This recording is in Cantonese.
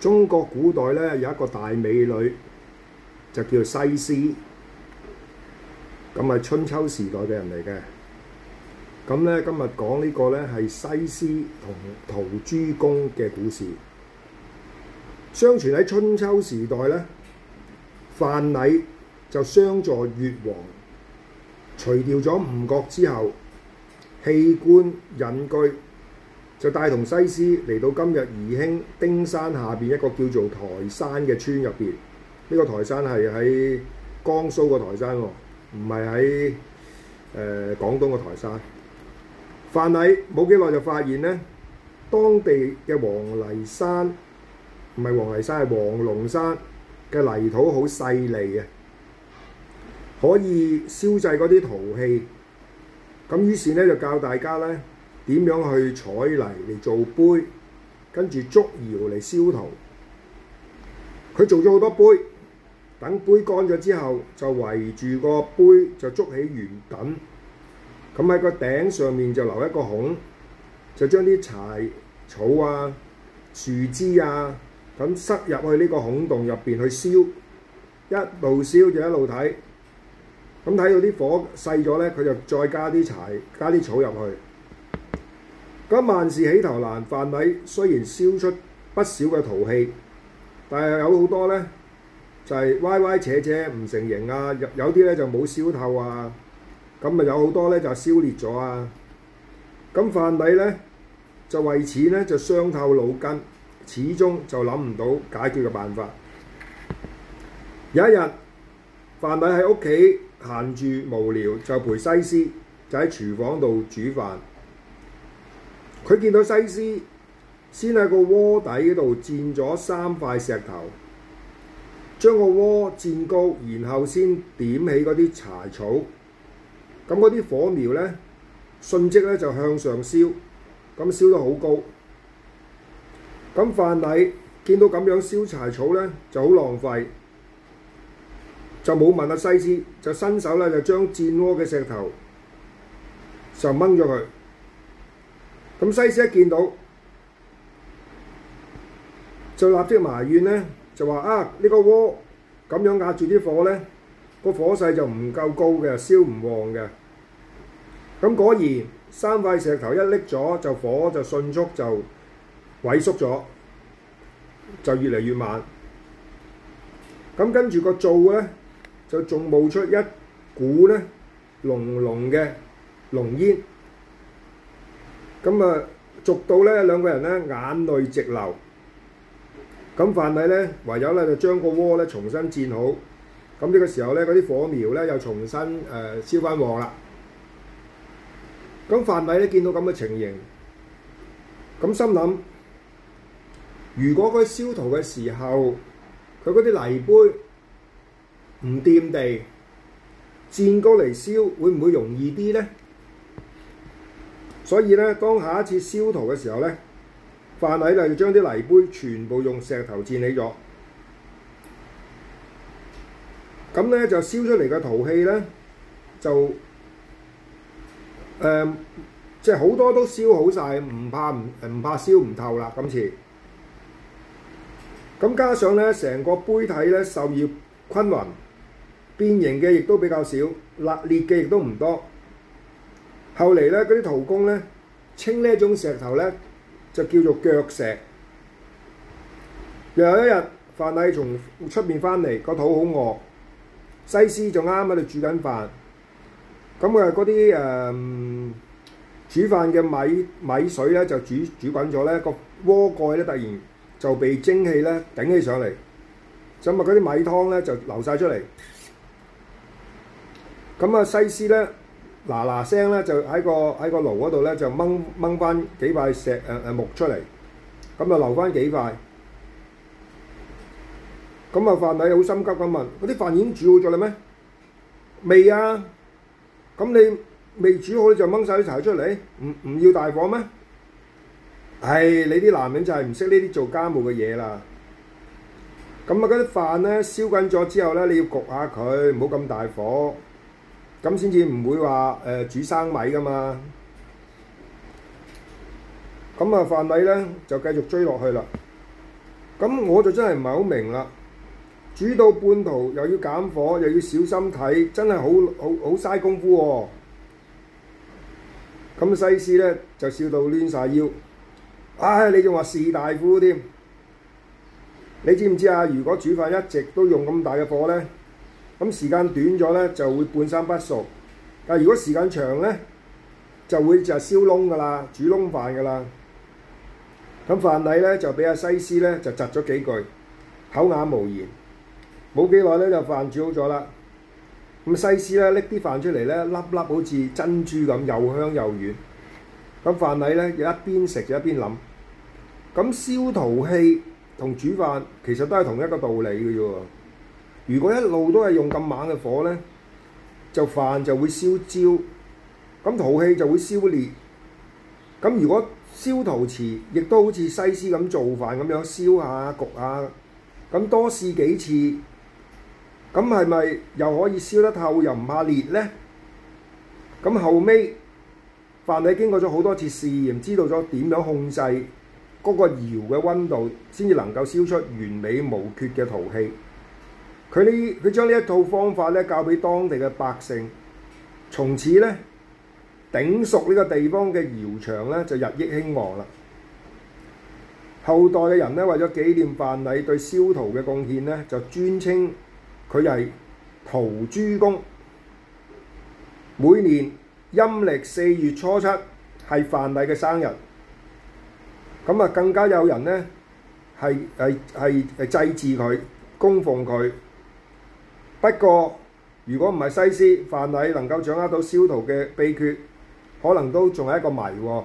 中國古代咧有一個大美女，就叫做西施，咁係春秋時代嘅人嚟嘅。咁咧今日講呢個咧係西施同陶朱公嘅故事。相傳喺春秋時代咧，范蠡就相助越王除掉咗吳國之後，棄官隱居。就帶同西施嚟到今日宜興丁山下邊一個叫做台山嘅村入邊，呢、這個台山係喺江蘇個台山喎，哦，唔係喺誒廣東個台山。范蠡冇幾耐就發現呢，當地嘅黃泥山唔係黃泥山，係黃、黃龍山嘅泥土好細膩啊，可以燒製嗰啲陶器。咁於是呢，就教大家呢。點樣去採泥嚟做杯，跟住捉窯嚟燒陶。佢做咗好多杯。等杯乾咗之後，就圍住個杯就捉起圓頂。咁喺個頂上面就留一個孔，就將啲柴草啊、樹枝啊，咁塞入去呢個孔洞入邊去燒。一路燒就一路睇。咁睇到啲火細咗呢，佢就再加啲柴、加啲草入去。咁萬事起頭難，范蠡雖然燒出不少嘅陶器，但係有好多呢，就係歪歪扯扯唔成形啊！有啲呢就冇燒透啊！咁咪有好多呢就燒裂咗啊！咁范蠡呢，就為此呢就傷透腦筋，始終就諗唔到解決嘅辦法。有一日，范蠡喺屋企閒住無聊，就陪西施就喺廚房度煮飯。佢見到西施先喺個窩底度墊咗三塊石頭，將個窩墊高，然後先點起嗰啲柴草。咁嗰啲火苗咧，瞬即咧就向上燒，咁燒得好高。咁范蠡見到咁樣燒柴草咧，就好浪費，就冇問阿、啊、西施，就伸手咧就將墊窩嘅石頭就掹咗佢。咁西施一見到就立即埋怨咧，就話啊，呢個鍋咁樣壓住啲火咧，個火勢就唔夠高嘅，燒唔旺嘅。咁果然三塊石頭一擲咗，就火就迅速就萎縮咗，就越嚟越慢。咁跟住個灶咧，就仲冒出一股咧濃濃嘅濃煙。咁啊，續到咧兩個人咧眼淚直流。咁范蠡咧唯有咧就將個窩咧重新墊好。咁呢個時候咧嗰啲火苗咧又重新誒、呃、燒翻旺啦。咁范蠡咧見到咁嘅情形，咁心諗：如果佢燒陶嘅時候，佢嗰啲泥杯唔掂地墊過嚟燒，會唔會容易啲咧？所以咧，當下一次燒陶嘅時候咧，范蠡就要將啲泥杯全部用石頭墊起咗。咁咧就燒出嚟嘅陶器咧，就誒，即係好多都燒好晒，唔怕唔唔怕燒唔透啦。今次，咁加上咧，成個杯體咧受熱均勻，變形嘅亦都比較少，裂裂嘅亦都唔多。後嚟咧，嗰啲陶工咧，稱呢一種石頭咧，就叫做腳石。又有一日，范蠡從出邊翻嚟，個肚好餓。西施就啱啱喺度煮緊飯，咁啊嗰啲誒煮飯嘅米米水咧就煮煮滾咗咧，個鍋蓋咧突然就被蒸氣咧頂起上嚟，咁啊嗰啲米湯咧就流曬出嚟。咁啊西施咧～嗱嗱聲咧就喺個喺個爐嗰度咧就掹掹翻幾塊石誒誒木出嚟，咁就留翻幾塊。咁啊飯底好心急咁問：嗰啲飯已經煮好咗啦咩？未啊！咁你未煮好你就掹曬啲柴出嚟，唔唔要大火咩？係，你啲男人就係唔識呢啲做家務嘅嘢啦。咁啊嗰啲飯咧燒滾咗之後咧，你要焗下佢，唔好咁大火。咁先至唔會話誒、呃、煮生米噶嘛，咁、嗯、啊飯米咧就繼續追落去啦。咁、嗯、我就真係唔係好明啦，煮到半途又要減火，又要小心睇，真係好好好嘥功夫喎、哦。咁、嗯、西施咧就笑到攣晒腰，唉、哎、你仲話士大夫添？你知唔知啊？如果煮飯一直都用咁大嘅火咧？咁時間短咗咧，就會半生不熟；但如果時間長咧，就會就係燒燶㗎啦，煮燶飯㗎啦。咁范蠡咧就俾阿西施咧就窒咗幾句，啞口無言。冇幾耐咧就飯煮好咗啦。咁西施咧拎啲飯出嚟咧，粒粒好似珍珠咁，又香又軟。咁范蠡咧又一邊食就一邊諗。咁燒陶器同煮飯其實都係同一個道理嘅啫。如果一路都係用咁猛嘅火呢，就飯就會燒焦，咁陶器就會燒裂。咁如果燒陶瓷，亦都好似西施咁做飯咁樣燒下焗下，咁多試幾次，咁係咪又可以燒得透又唔怕裂呢？咁後尾，范蠡經過咗好多次試驗，知道咗點樣控制嗰個窯嘅温度，先至能夠燒出完美無缺嘅陶器。佢呢，佢將呢一套方法咧教俾當地嘅百姓，從此咧丁蜀呢個地方嘅窯場咧就日益興旺啦。後代嘅人咧為咗紀念范蠡對燒陶嘅貢獻咧，就尊稱佢係陶朱公。每年陰曆四月初七係范蠡嘅生日，咁啊更加有人咧係係係祭祀佢、供奉佢。不過，如果唔係西施，范蠡能夠掌握到燒陶嘅秘訣，可能都仲係一個謎喎。